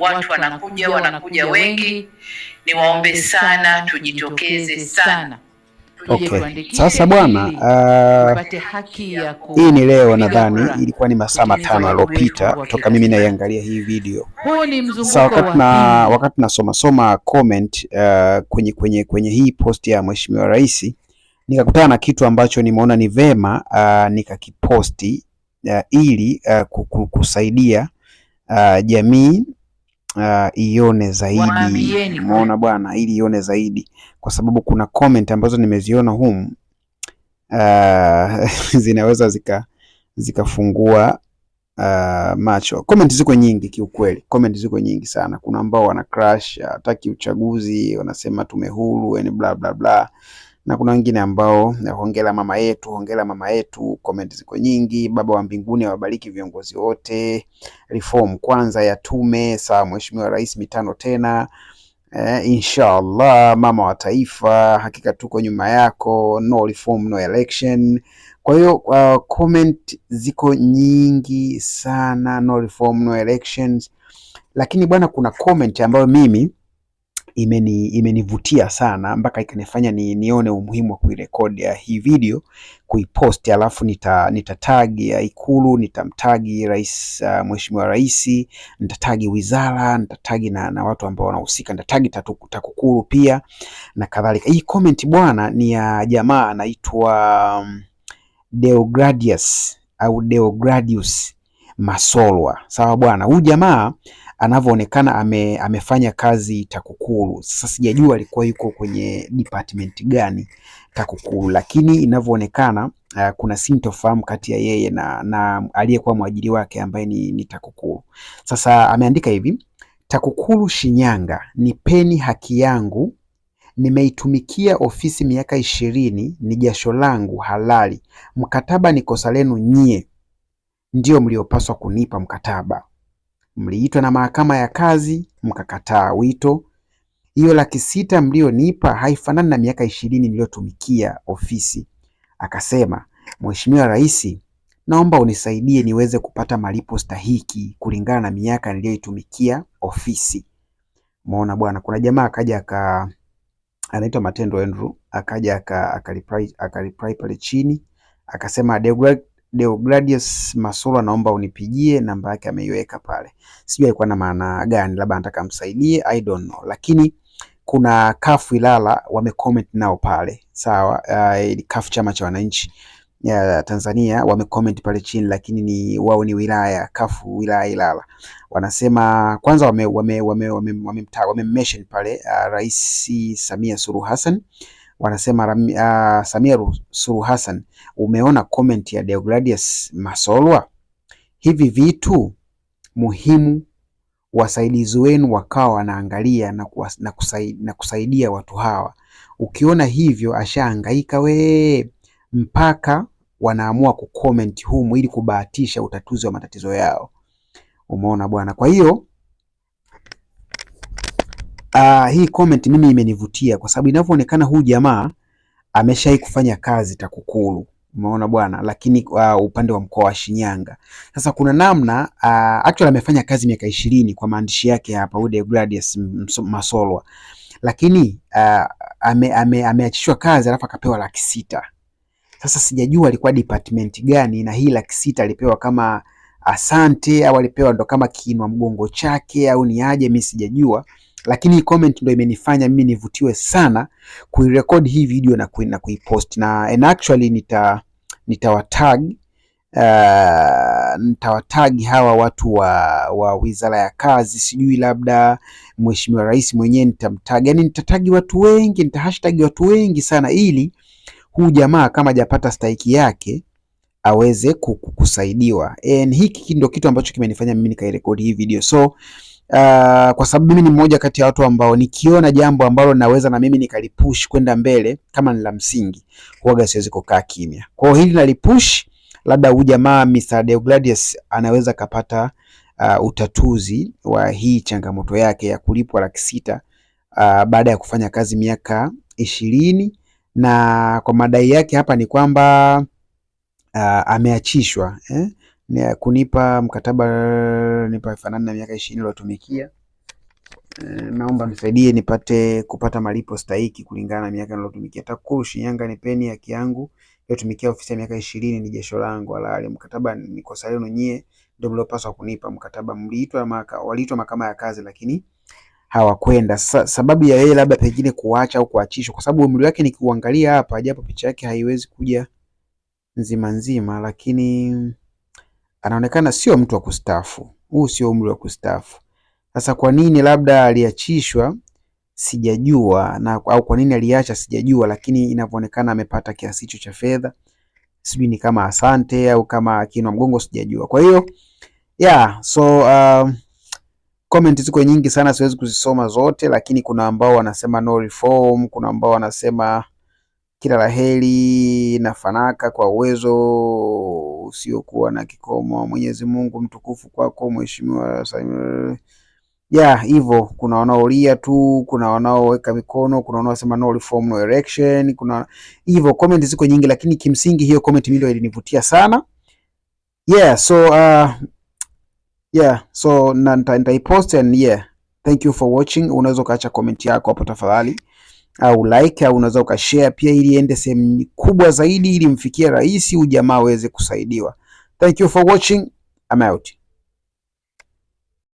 watu wanakuja wanakuja wengi. Niwaombe sana tujitokeze sana. Okay. Sasa bwana, uh, hii ni leo nadhani ilikuwa ni masaa matano aliyopita toka mimi naiangalia hii video. Sasa wakati na wakati nasoma soma comment uh, kwenye, kwenye, kwenye hii post ya Mheshimiwa Rais nikakutana na kitu ambacho nimeona ni vema uh, nikakiposti uh, ili uh, kusaidia uh, jamii uh, ione zaidi, umeona bwana, ili ione zaidi, kwa sababu kuna comment ambazo nimeziona humu uh, zinaweza zika zikafungua uh, macho. Comment ziko nyingi kiukweli, comment ziko nyingi sana. Kuna ambao wana crash, hataki uchaguzi, wanasema tume huru, yani bla bla bla na kuna wengine ambao hongera mama yetu, hongera mama yetu. Comment ziko nyingi. Baba wa mbinguni awabariki viongozi wote, reform kwanza ya tume. Saa mheshimiwa rais, mitano tena. Eh, inshallah mama wa taifa, hakika tuko nyuma yako. No reform, no election. Kwa hiyo uh, comment ziko nyingi sana, no reform, no elections. Lakini bwana, kuna comment ambayo mimi imeni, imenivutia sana mpaka ikanifanya ni, nione umuhimu wa kuirekodi hii video kuiposti, alafu nita, nitatagi ya Ikulu, nitamtagi rais uh, mheshimiwa rais, nitatagi wizara, nitatagi na, na watu ambao wanahusika, nitatagi TAKUKURU pia na kadhalika. Hii comment bwana ni ya jamaa anaitwa um, Deogradius au Deogradius Masolwa, sawa bwana, huyu jamaa anavyoonekana ame, amefanya kazi TAKUKURU. Sasa sijajua alikuwa yuko kwenye department gani TAKUKURU, lakini inavyoonekana uh, kuna sintofahamu kati ya yeye na, na aliyekuwa mwajiri wake ambaye ni, ni TAKUKURU. Sasa ameandika hivi: TAKUKURU Shinyanga, nipeni haki yangu nimeitumikia ofisi miaka ishirini, ni jasho langu halali. Mkataba ni kosa lenu nyie, ndio mliopaswa kunipa mkataba. Mliitwa na mahakama ya kazi mkakataa wito. Hiyo laki sita mlionipa haifanani na miaka ishirini niliyotumikia ofisi. Akasema, Mheshimiwa Rais, naomba unisaidie niweze kupata malipo stahiki kulingana na miaka niliyoitumikia ofisi. Umeona bwana, kuna jamaa akaja aka anaitwa Matendo Andrew akaja aka pale chini akasema Deogradius Masolo anaomba unipigie, namba yake ameiweka pale. Sijui alikuwa na maana gani, labda anataka msaidie, I don't know. Lakini kuna kafu Ilala wamecomment nao pale, sawa. Uh, eh, kafu chama cha wananchi ya Tanzania wamecomment pale chini, lakini ni wao ni wilaya kafu wilaya Ilala, wanasema kwanza wame wame wame wame, wame, wame, wame mention pale uh, Rais Samia Suluhu Hassan wanasema uh, Samia Suluhu Hassan, umeona comment ya Deogradius Masolwa? Hivi vitu muhimu wasaidizi wenu wakawa wanaangalia na, na, kusaidia, na kusaidia watu hawa. Ukiona hivyo ashaangaika we, mpaka wanaamua kucomment humu ili kubahatisha utatuzi wa matatizo yao. Umeona bwana, kwa hiyo Uh, hii comment mimi imenivutia kwa sababu inavyoonekana huu jamaa ameshai kufanya kazi TAKUKURU, umeona bwana, lakini uh, upande wa mkoa wa Shinyanga. Sasa kuna namna uh, actually amefanya kazi miaka ishirini kwa maandishi yake hapa huyu Gladius Masolwa, lakini uh, ame, ame, ameachishwa kazi alafu akapewa laki sita. Sasa sijajua alikuwa department gani, na hii laki sita alipewa kama asante au alipewa ndo kama kiinua mgongo chake au ni aje, mimi sijajua lakini hii comment ndio imenifanya mimi nivutiwe sana kuirecord hii video na kui, na kuipost na and actually nita nitawatag uh, nitawatag hawa watu wa, wa Wizara ya Kazi, sijui labda Mheshimiwa Rais mwenyewe nitamtag, yani nitatagi watu wengi, hashtag watu wengi sana, ili huu jamaa kama hajapata stahiki yake aweze kukusaidiwa. And hiki ndio kitu ambacho kimenifanya mimi nikairekodi hii video. So uh, kwa sababu mimi ni mmoja kati ya watu ambao nikiona jambo ambalo naweza na mimi nikalipush kwenda mbele kama ni la msingi, huaga siwezi kukaa kimya. Kwa hiyo hili nalipush, labda huyu jamaa Mr. Deogratius anaweza kapata uh, utatuzi wa hii changamoto yake ya kulipwa laki sita uh, baada ya kufanya kazi miaka ishirini na kwa madai yake hapa ni kwamba uh, ameachishwa eh? kunipa mkataba nipa nipafanana na miaka ishirini nilotumikia. Eh, naomba nisaidie nipate kupata malipo stahiki kulingana na miaka nilotumikia. TAKUKURU Shinyanga, ni peni haki yangu nilotumikia ofisi ya miaka ishirini, ni jasho langu halali. Mkataba ni kosa lenu nyie, ndio mliopaswa kunipa mkataba. Mliitwa maka, waliitwa mahakama ya kazi lakini hawakwenda. Sa, sababu ya yeye labda pengine kuacha au kuachishwa, kwa sababu umri wake nikiuangalia hapa, japo picha yake haiwezi kuja nzima nzima, lakini anaonekana sio mtu wa kustaafu. Huu sio umri wa kustaafu. Sasa kwa nini labda aliachishwa sijajua na, au kwa nini aliacha sijajua, lakini inavyoonekana amepata kiasi hicho cha fedha, sijui ni kama asante au kama kinwa mgongo, sijajua. Kwa hiyo yeah, so uh, comment ziko nyingi sana, siwezi kuzisoma zote, lakini kuna ambao wanasema no reform, kuna ambao wanasema kila la na fanaka kwa uwezo usiokuwa na kikomo wa Mwenyezi Mungu mtukufu kwako Mheshimiwa ya hivyo kuna wanaolia tu, kuna wanaoweka mikono, kuna wanaosema no reform no election, kuna hivyo comment ziko nyingi, lakini kimsingi hiyo comment mimi ndio ilinivutia sana. Yeah, so uh, ah, yeah, so na nitaipost and yeah. Thank you for watching. Unaweza ukaacha comment yako hapo tafadhali au like au unaweza ukashare pia, ili iende sehemu kubwa zaidi, ili mfikie rahisi ujamaa aweze kusaidiwa. Thank you for watching. I'm out.